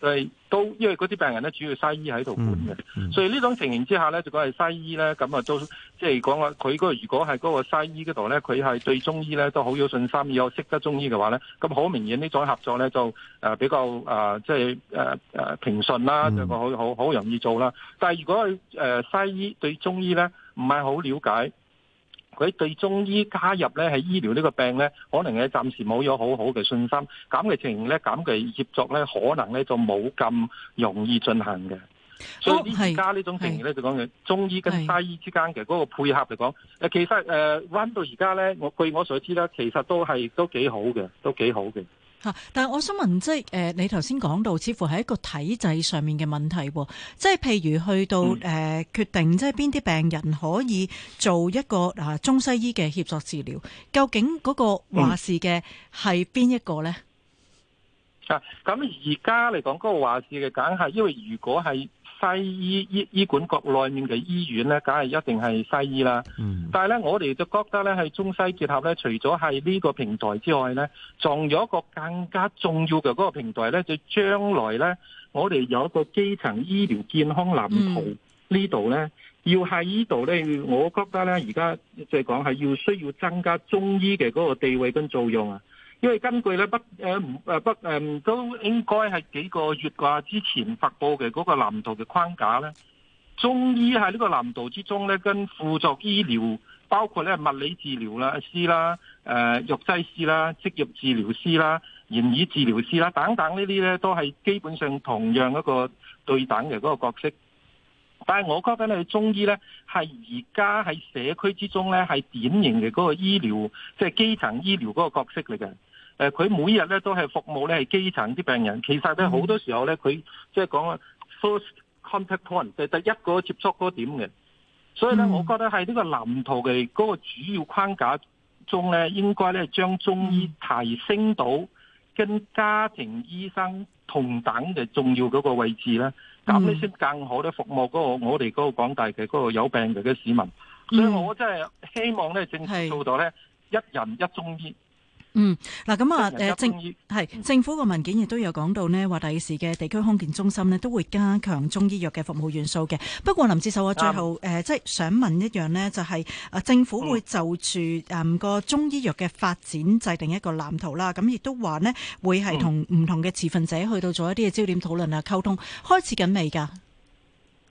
I: 係都，因為嗰啲病人咧，主要西醫喺度管嘅，嗯嗯、所以呢種情形之下咧，就講係西醫咧，咁啊都即係講話佢嗰如果係嗰個西醫嗰度咧，佢係對中醫咧都好有信心，有識得中醫嘅話咧，咁好明顯呢種合作咧就誒比較誒即係誒誒平順啦，就個好好好容易做啦。但係如果誒、呃、西醫對中醫咧唔係好了解，佢對中醫加入咧，喺醫療呢個病咧，可能嘅暫時冇咗好好嘅信心，咁嘅情形咧，咁嘅協作咧，可能咧就冇咁容易進行嘅。所以而家呢種情形咧，哦、就講嘅是中醫跟西醫之間嘅嗰個配合嚟講，誒其實誒，彎、呃、到而家咧，我據我所知咧，其實都係都幾好嘅，都幾好嘅。
B: 嚇！但係我想問，即係誒你頭先講到，似乎係一個體制上面嘅問題，即係譬如去到誒、嗯呃、決定，即係邊啲病人可以做一個啊中西醫嘅協作治療，究竟嗰個話事嘅係邊一個咧、
I: 嗯嗯？啊！咁而家嚟講嗰個話事嘅梗係，因為如果係。西醫醫醫管局內面嘅醫院咧，梗係一定係西醫啦。嗯、但係咧，我哋就覺得咧係中西結合咧，除咗係呢個平台之外咧，仲有一個更加重要嘅嗰個平台咧，就將來咧，我哋有一個基層醫療健康藍圖、嗯、呢度咧，要喺呢度咧，我覺得咧，而家即係講係要需要增加中醫嘅嗰個地位跟作用啊。因為根據咧不，誒唔，不誒都應該係幾個月啩之前發佈嘅嗰個藍圖嘅框架咧，中醫喺呢個藍圖之中咧，跟輔助醫療包括咧物理治療啦師啦，誒、呃、藥劑師啦、職業治療師啦、言語治療師啦等等呢啲咧，都係基本上同樣一個對等嘅嗰個角色。但係我覺得咧，中醫咧係而家喺社區之中咧，係典型嘅嗰個醫療即係、就是、基層醫療嗰個角色嚟嘅。誒，佢每日咧都係服務咧係基層啲病人，其實咧好多時候咧佢即係講 first contact point，就第一個接觸嗰點嘅，所以咧我覺得係呢個藍圖嘅嗰個主要框架中咧，應該咧將中醫提升到跟家庭醫生同等嘅重要嗰個位置呢，咁你先更好咧服務嗰個我哋嗰個廣大嘅嗰個有病嘅嘅市民，所以我真係希望咧政府做到咧一人一中醫。
B: 嗯，嗱咁啊，誒政係政府個文件，亦都有講到呢，話第時嘅地區康健中心呢都會加強中醫藥嘅服務元素嘅。不過林志秀啊，最後誒即係想問一樣呢就係、是、誒政府會就住誒個中醫藥嘅發展制定一個藍圖啦。咁亦都話呢會係同唔同嘅持份者去到做一啲嘅焦點討論啊，溝通開始緊未噶？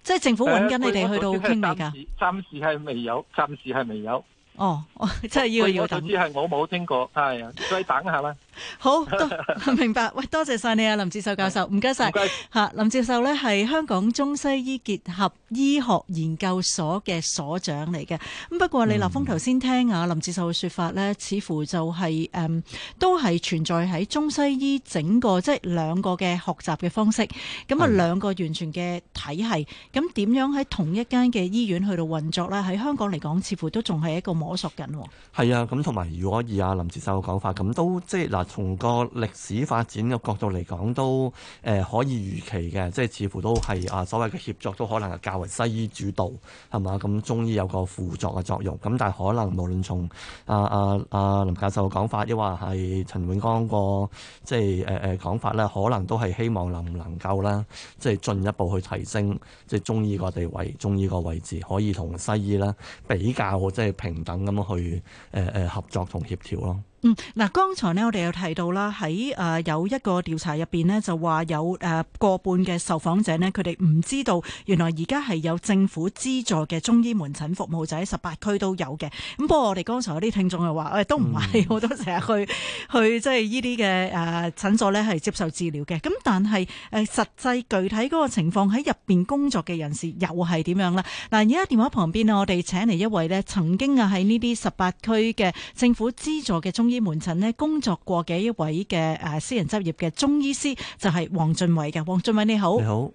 B: 即、就、係、是、政府揾緊你哋去到傾未噶？
I: 暫時係未有，暫時係未有。
B: 哦，哦，真係要要等。我總係
I: 我冇聽過，係啊，再等下啦。
B: 好多明白，喂， 多謝晒你啊，林志秀教授，唔該晒吓。林志秀呢係香港中西醫結合醫學研究所嘅所長嚟嘅。咁不過你立峰頭先聽啊，林志秀嘅說法呢，似乎就係、是、誒、嗯，都係存在喺中西醫整個即係兩個嘅學習嘅方式，咁啊兩個完全嘅體系。咁點樣喺同一間嘅醫院去到運作呢？喺香港嚟講，似乎都仲係一個摸索緊。
C: 係啊，咁同埋，如果以啊林志秀嘅講法，咁都即係、就是從個歷史發展嘅角度嚟講，都誒可以預期嘅，即係似乎都係啊所謂嘅協作都可能係較為西醫主導，係嘛？咁中醫有個輔助嘅作用。咁但可能無論從啊啊啊林教授嘅講法，亦或係陳永光個即講法咧，可能都係希望能唔能夠啦，即係進一步去提升即係中醫個地位，中醫個位置可以同西醫啦比較，即平等咁去誒誒合作同協調咯。
B: 嗯，嗱，剛才呢，我哋有提到啦，喺誒、呃、有一個調查入邊呢，就話有誒過半嘅受訪者呢，佢哋唔知道原來而家係有政府資助嘅中醫門診服務，就喺十八區都有嘅。咁不過我哋剛才有啲聽眾又話，誒、欸、都唔係，我都成日去去即係呢啲嘅誒診所咧係接受治療嘅。咁但係誒實際具體嗰個情況喺入邊工作嘅人士又係點樣啦？嗱，而家電話旁邊啊，我哋請嚟一位咧，曾經啊喺呢啲十八區嘅政府資助嘅中。醫門診咧工作過嘅一位嘅誒私人執業嘅中醫師就係、是、黃俊偉嘅，黃俊偉你好，你好。你好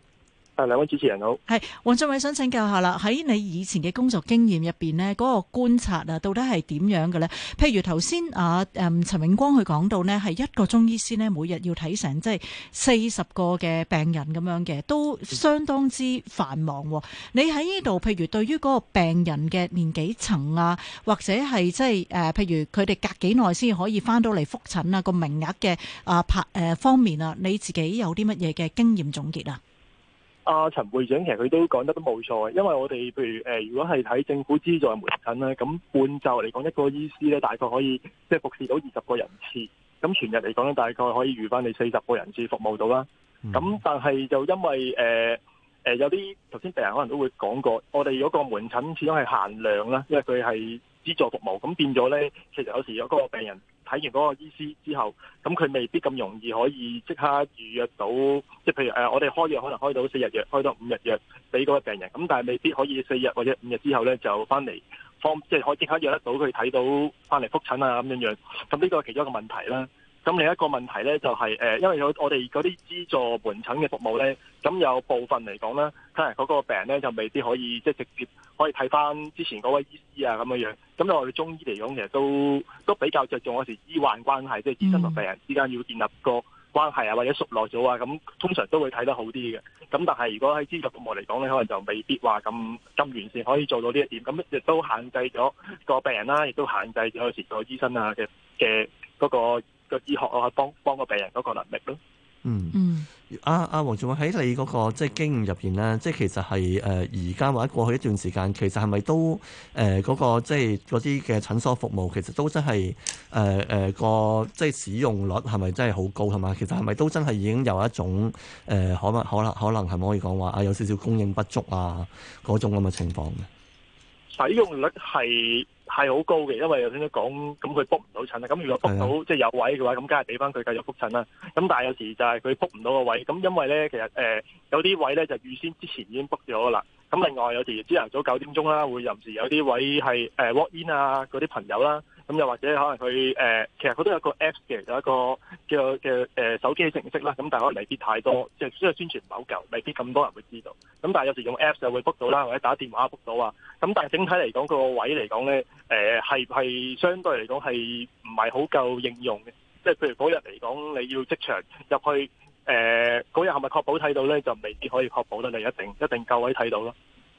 J: 誒，兩
K: 位主
B: 持人好。係黃俊偉，王偉，想請教下啦。喺你以前嘅工作經驗入邊呢，嗰、那個觀察啊，到底係點樣嘅咧？譬如頭先啊，誒、呃，陳永光佢講到呢，係一個中醫師呢，每日要睇成即係四十個嘅病人咁樣嘅，都相當之繁忙。你喺呢度，譬如對於嗰個病人嘅年紀層啊，或者係即係誒、呃，譬如佢哋隔幾耐先可以返到嚟複診啊，個名額嘅啊誒方面啊，你自己有啲乜嘢嘅經驗總結啊？
K: 阿、啊、陳會長其實佢都講得都冇錯嘅，因為我哋譬如誒、呃，如果係睇政府資助的門診咧，咁半日嚟講一個醫師咧，大概可以即係、就是、服侍到二十個人次，咁全日嚟講咧，大概可以預返你四十個人次服務到啦。咁但係就因為誒、呃、有啲頭先病人可能都會講過，我哋嗰個門診始終係限量啦，因為佢係資助服務，咁變咗咧，其實有時有個病人，睇完嗰個醫師之後，咁佢未必咁容易可以即刻預約到，即係譬如誒，我哋開藥可能開到四日藥，開到五日藥俾個病人，咁但係未必可以四日或者五日之後咧就翻嚟放，即係可以即刻約得到佢睇到翻嚟復診啊咁樣樣，咁呢個係其中一個問題啦。咁另一個問題咧就係誒，因為有我哋嗰啲資助門診嘅服務咧，咁有部分嚟講咧，睇嚟嗰個病咧就未必可以即係直接。可以睇翻之前嗰位醫師啊，咁樣樣咁，我哋中醫嚟講，其實都都比較着重嗰時醫患關係，即係醫生同病人之間要建立個關係啊，或者熟絡咗啊，咁通常都會睇得好啲嘅。咁但係如果喺專業服務嚟講咧，可能就未必話咁咁完善，可以做到呢一點，咁亦都限制咗個病人啦、啊，亦都限制咗有時個醫生啊嘅嘅嗰個個醫學啊幫幫個病人嗰個能力咯、啊。嗯。
C: 阿阿黃仲偉喺你嗰個即係經驗入邊咧，即係其實係誒而家或者過去一段時間，其實係咪都誒嗰個即係嗰啲嘅診所服務，其實都真係誒誒個即係使用率係咪真係好高係嘛？其實係咪都真係已經有一種誒可可能可能係咪可以講話啊有少少供應不足啊嗰種咁嘅情況嘅
K: 使用率係。係好高嘅，因為頭先都講，咁佢 book 唔到診啦。咁如果 book 到，即係有位嘅話，咁梗係俾翻佢繼續 book 診啦。咁但係有時就係佢 book 唔到個位，咁因為咧，其實誒有啲位咧就預先之前已經 book 咗噶啦。咁另外有時朝頭早九點鐘啦，會有時有啲位係誒 walk in 啊，嗰啲朋友啦。咁又或者可能佢誒，其實佢都有個 Apps 嘅，有一個，一個叫嘅誒手機程式啦。咁但係可能未必太多，即係宣傳唔係好夠，未必咁多人會知道。咁但係有時用 Apps 就會 book 到啦，或者打電話 book 到啊。咁但係整體嚟講，個位嚟講咧，誒係係相對嚟講係唔係好夠應用嘅。即係譬如嗰日嚟講，你要即場入去誒嗰日係咪確保睇到咧，就未必可以確保咧。你一定一定夠位睇到咯。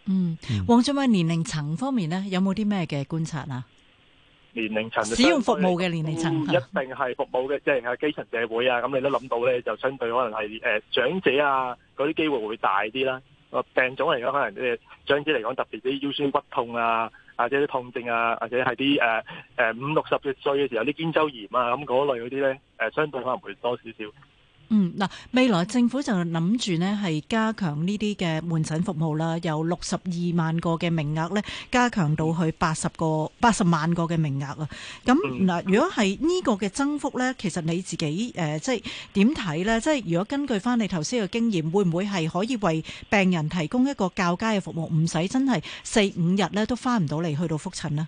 B: 嗯，黃俊偉、嗯、年齡層方面咧，有冇啲咩嘅觀察啊？
K: 年齡層使用服務嘅年齡層，一定係服務嘅，即係係基層社會啊。咁你都諗到咧，就相對可能係誒長者啊嗰啲機會會大啲啦。個病種嚟講，可能誒長者嚟講，特別啲腰酸骨痛啊，或者啲痛症啊，或者係啲誒誒五六十歲嘅時候啲肩周炎啊，咁嗰類嗰啲咧，誒相對可能會多
A: 少少。
B: 嗯嗱，未來政府就諗住呢係加強呢啲嘅門診服務啦，由六十二萬個嘅名額呢，加強到去八十個八十萬個嘅名額啊。咁嗱，如果係呢個嘅增幅呢，其實你自己誒、呃，即係點睇呢？即係如果根據翻你頭先嘅經驗，會唔會係可以為病人提供一個較佳嘅服務，唔使真係四五日呢都翻唔到嚟，去到復診咧？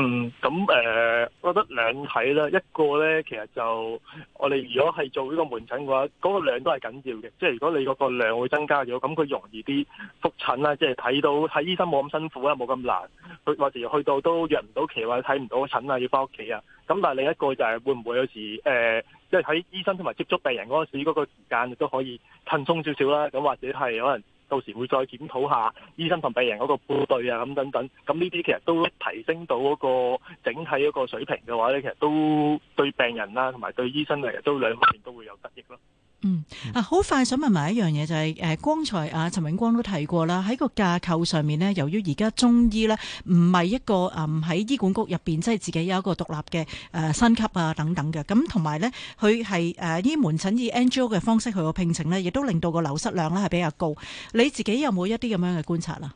G: 嗯，
K: 咁誒、呃，我覺得兩睇啦，一個咧，其實就我哋如果係做呢個門診嘅話，嗰個量都係緊要嘅，即係如果你嗰個量會增加咗，咁佢容易啲復診啦，即係睇到睇醫生冇咁辛苦啊，冇咁難，去或者去到都約唔到期或者睇唔到診啊，要翻屋企啊。咁但係另一個就係會唔會有時誒，即係喺醫生同埋接觸病人嗰陣時嗰個時間都可以騰鬆少少啦，咁或者係可能。到時會再檢討下醫生同病人嗰個配對啊，咁等等，咁呢啲其實都提升到嗰個整體嗰個水平嘅話呢，其實都對病人啦，同埋對醫生，嚟，都兩
G: 方面都會有得益咯。
B: 嗯，啊，好快想問埋一樣嘢就係、是、誒，剛才阿陳永光都提過啦，喺個架構上面呢，由於而家中醫呢唔係一個喺、嗯、醫管局入邊即係自己有一個獨立嘅、誒、呃、薪級、啊等等嘅，咁同埋呢，佢係誒呢門診以 NGO 嘅方式去個聘請呢，亦都令到個流失量呢係比較高，你自己有冇一啲咁樣嘅觀察啦？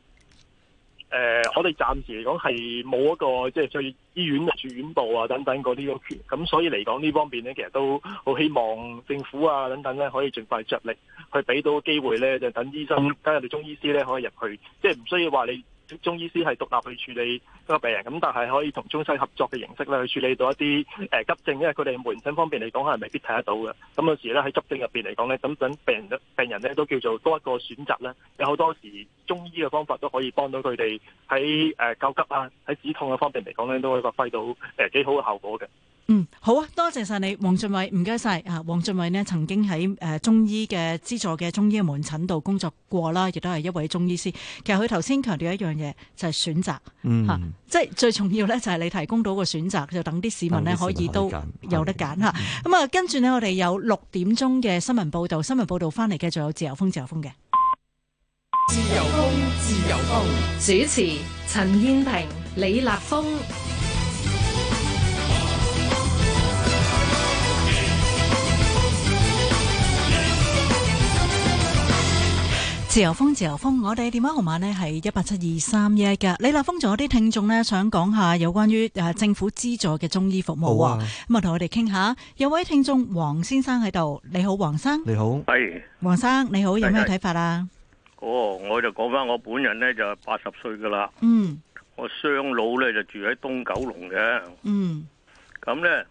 K: 誒、呃，我哋暫時嚟講係冇一個即係去醫院住院部啊等等嗰啲嘅權，咁所以嚟講呢方面咧，其實都好希望政府啊等等咧，可以盡快着力去俾到機會咧，就等醫生加入到中醫師咧，可以入去，即係唔需要話你。中醫師係獨立去處理一個病人，咁但係可以同中西合作嘅形式咧去處理到一啲誒急症，因為佢哋門診方面嚟講係未必睇得到嘅。咁有時咧喺急症入邊嚟講咧，等等病人病人咧都叫做多一個選擇咧，有好多時中醫嘅方法都可以幫到佢哋喺誒救急啊，喺止痛嘅方面嚟講咧都可以發揮到誒幾好嘅效果嘅。
B: 嗯，好啊，多謝晒你，黃俊偉，唔該晒啊。黃俊偉咧，曾經喺誒、呃、中醫嘅資助嘅中醫門診度工作過啦，亦都係一位中醫師。其實佢頭先強調一樣嘢，就係、是、選擇吓、嗯啊，即係最重要呢，就係、是、你提供到個選擇，就等啲市民呢，市民可以都有得揀吓。咁、嗯、啊，跟住呢，我哋有六點鐘嘅新聞報道，新聞報道翻嚟嘅，仲有自由風，自由風嘅，
A: 自由風，自由風，
B: 主持陳燕萍、李立峰。自由風，自由風，我哋電話號碼咧係一八七二三一一噶。李立峰，仲有啲聽眾咧，想講下有關於誒政府資助嘅中醫服務啊，咁啊同我哋傾下。有位聽眾黃先生喺度，你好，黃生，你好，
E: 係，
B: 黃生你好，有咩睇法啊？
E: 哦，我就講翻我本人咧就八十歲噶啦，嗯，我雙老咧就住喺東九龍嘅，嗯，咁咧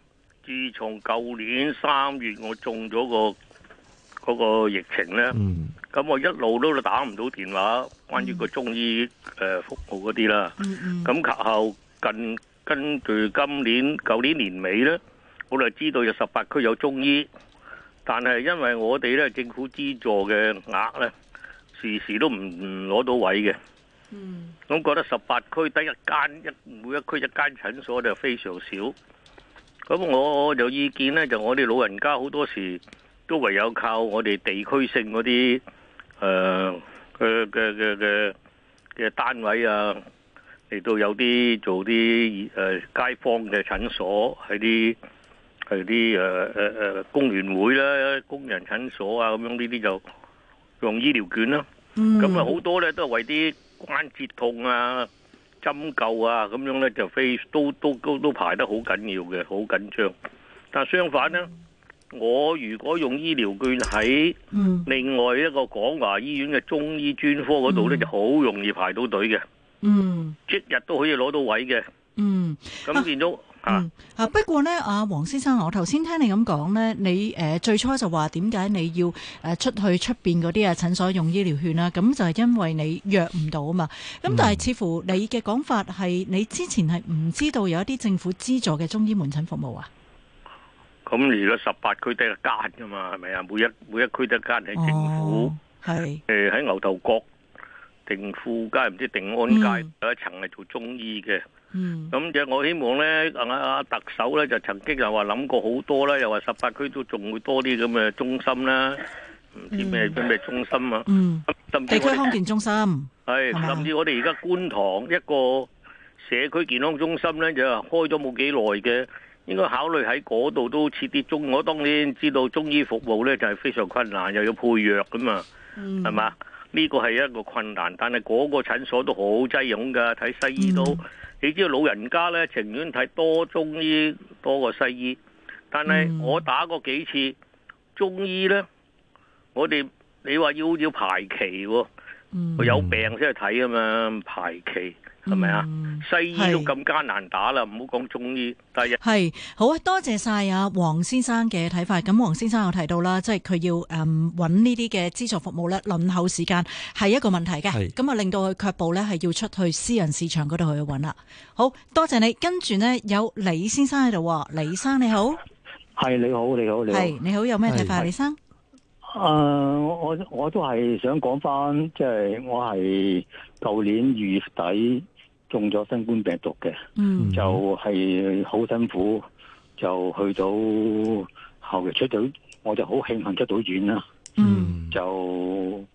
E: 自從舊年三月我中咗個嗰個疫情咧，嗯。咁我一路都打唔到電話，關於個中醫誒服務嗰啲啦。咁、mm hmm. 及後近根據今年、舊年年尾呢，我就知道有十八區有中醫，但係因為我哋呢政府資助嘅額呢，時時都唔攞到位嘅。嗯、mm，我、hmm. 覺得十八區得一間一每一區一間診所就非常少。咁我有意見呢，就我哋老人家好多時都唯有靠我哋地區性嗰啲。誒，嘅嘅嘅嘅嘅單位啊，嚟到有啲做啲誒街坊嘅診所，喺啲喺啲誒誒誒工聯會啦、工人診所啊，咁樣呢啲就用醫療券啦、
G: 啊。咁啊好
E: 多咧都係為啲關節痛啊、針灸啊咁樣咧就非都就都都都排得好緊要嘅，好緊張。但相反咧。我如果用醫療券喺另外一個廣華醫院嘅中醫專科嗰度呢，就好容易排到隊嘅，即日、嗯、都可以攞到位嘅。嗯，咁變咗
B: 啊！不過呢，阿王先生，我頭先聽你咁講呢，你誒、呃、最初就話點解你要誒出去出邊嗰啲啊診所用醫療券啦？咁就係因為你約唔到啊嘛。咁但係似乎你嘅講法係，你之前係唔知道有一啲政府資助嘅中醫門診服務啊？
E: 咁如果十八區得一間噶嘛，係咪啊？每一每一區得一間喺政府，係誒喺牛頭角定富街唔知定安街有一層係做中醫嘅。咁即、嗯、我希望咧，阿特首咧就曾經又話諗過好多啦，又話十八區都仲會多啲咁嘅中心啦，唔知咩咩咩中心啊？嗯，甚至嗯，地區康健
B: 中心
E: 係，是是甚至我哋而家觀塘一個社區健康中心咧就開咗冇幾耐嘅。應該考慮喺嗰度都設啲中。我當年知道中醫服務呢，就係、是、非常困難，又要配藥噶嘛，
G: 係嘛、嗯？
E: 呢、這個係一個困難。但係嗰個診所都好擠擁噶，睇西醫都。嗯、你知道老人家呢，情願睇多中醫多過西醫。但係我打過幾次、嗯、中醫呢，我哋你話要要排期，嗯、有病先去睇啊嘛，排期。係咪啊？是是嗯、西醫都咁艱難打啦，唔好講中醫。第一係
B: 好啊，多謝晒呀，黃先生嘅睇法。咁黃先生有提到啦，即係佢要誒揾呢啲嘅資助服務咧，輪候時間係一個問題嘅。咁啊是，就令到佢卻步咧，係要出去私人市場嗰度去揾啦。好多謝你。跟住呢，有李先生喺度，李先生你好，
J: 係你好，你好，你好，你好，你好有咩睇法，是李先生？誒、uh,，我都、就是、我都係想講翻，即係我係舊年二月底。中咗新冠病毒嘅，嗯、就係好辛苦，就去到後日出到，我就好慶幸出到院啦。嗯、就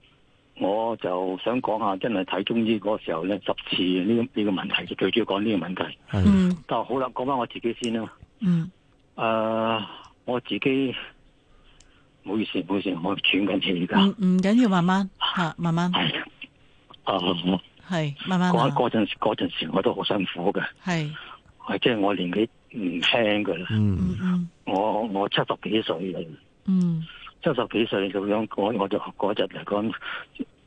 J: 我就想講下，真係睇中醫嗰時候咧，十次呢呢個問題，最主要講呢個問題。
G: 是
J: 的但係好啦，講翻我自己先啦。誒、嗯，uh, 我自己唔好意思，唔好意思，我喘緊氣而家。
B: 唔唔緊要，慢慢吓，慢慢。係、啊，
J: 好係慢慢，嗰陣陣時我都好辛苦嘅。係是，即係我年紀唔輕噶啦。嗯、mm hmm. 我我七十幾歲嗯，七十幾歲咁樣，我我就嗰日嚟講，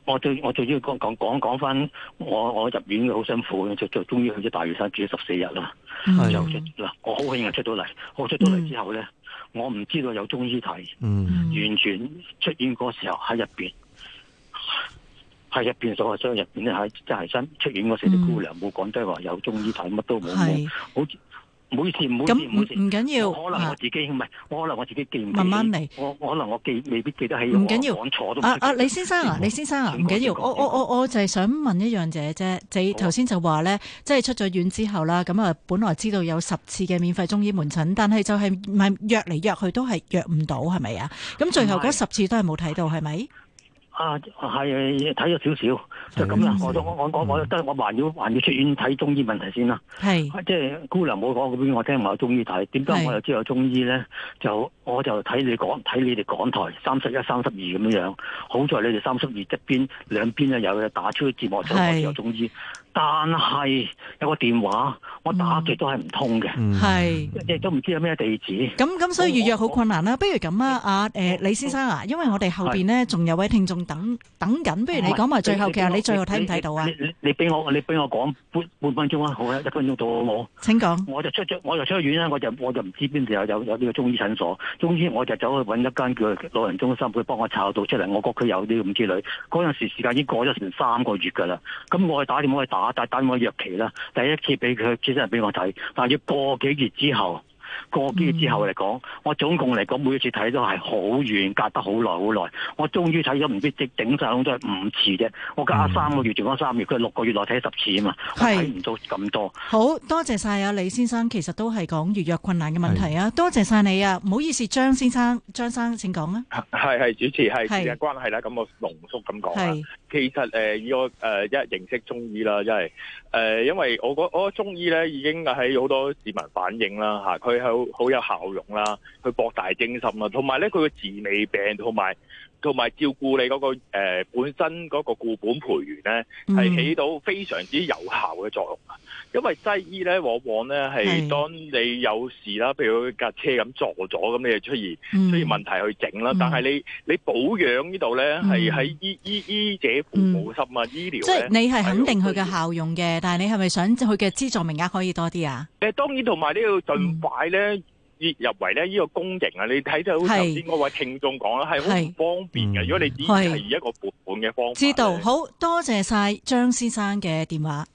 J: 我最我最要講講講翻，我我,我入院嘅好辛苦，就就終於去咗大嶼山住咗十四日啦。就嗱，我好慶幸出到嚟。我出到嚟之後咧，mm hmm. 我唔知道有中醫睇，mm hmm. 完全出院嗰時候喺入邊。係入邊，所謂入邊咧，喺真係新出院嗰，四啲姑娘，冇講真話，有中醫睇，乜都冇。係，好似唔好意思，唔好意思，唔好意思，唔緊要。可能我自己唔係，我可能我自己記唔記？慢慢嚟。我我可能我記未必記得起。唔緊要，講錯都。阿阿李先生啊，李
B: 先生啊，唔緊要。我我我我就係想問一樣嘢啫。你頭先就話咧，即係出咗院之後啦，咁啊本來知道有十次嘅免費中醫門診，但係就係唔係約嚟約去都係約唔到，係咪啊？咁最後嗰十次都係冇睇到，係咪？
J: 啊，係睇咗少少就咁，是、啦。我我我我我真我還要還要出院睇中醫問題先啦。係是即係姑娘，冇講俾我聽，有中醫睇。點解我又知有中醫咧？就我就睇你講，睇你哋港，港台三十一、三十二咁樣樣。好在你哋三十二側邊兩邊啊有打出去節目就係有中醫。是中醫但係有個電話，我打極都係唔通嘅，係都唔知有咩地址。
B: 咁咁、嗯嗯、所以預約好困難啦。我不如咁我啊，阿誒李先生啊，我因為我哋後邊咧仲有位聽眾是等等緊，不如你講埋最後。其實你，你最後睇唔睇到啊？你
J: 你俾我，你俾我講半半分鐘啊！好一分鐘到我。請講說。我就出咗我就出咗院啦，我就我就唔知邊度有有有呢個中醫診所。終於我就走去揾一間叫老人中心，佢幫我查到出嚟，我覺得佢有啲咁之類。嗰陣時時間已經過咗成三個月㗎啦。咁我去打電話去打。但等我約期啦，第一次俾佢其實俾我睇，但係要過個幾月之後，過個幾月之後嚟講，我總共嚟講每一次睇都係好遠，隔得好耐好耐。我終於睇咗唔知頂頂晒窿都係五次啫，我隔啊三個月，仲翻三個月，佢係六個月內睇十次啊嘛，我睇唔到咁多。
B: 好多謝晒啊李先生，其實都係講預約困難嘅問題啊，是多謝晒你啊，唔好意思，張先生，張生請講啊。
A: 係係主持係時間關係啦，咁我濃縮咁講其實誒依個誒一係認識中醫啦，因為誒因為我覺我覺得中醫咧已經喺好多市民反映啦嚇，佢係好好有效用啦，佢博大精深啦，同埋咧佢嘅治未病同埋。同埋照顧你嗰個誒本身嗰個固本培元咧，係起到非常之有效嘅作用啊！因為西醫咧，往往咧係當你有事啦，譬如架車咁撞咗咁你就出現出現問題去整啦，但係你你保養呢度咧係喺醫醫醫者父母心啊，醫療即係你係肯
B: 定佢嘅效用嘅，但係你係咪想佢嘅資助名額可以多啲啊？
A: 誒，當然同埋你要盡快咧。入圍咧，依個公營啊，你睇到頭先嗰位聽眾講啦，係好唔方便嘅。如果你只係以一個撥款嘅方法，知道好
B: 多謝晒張先生嘅電話。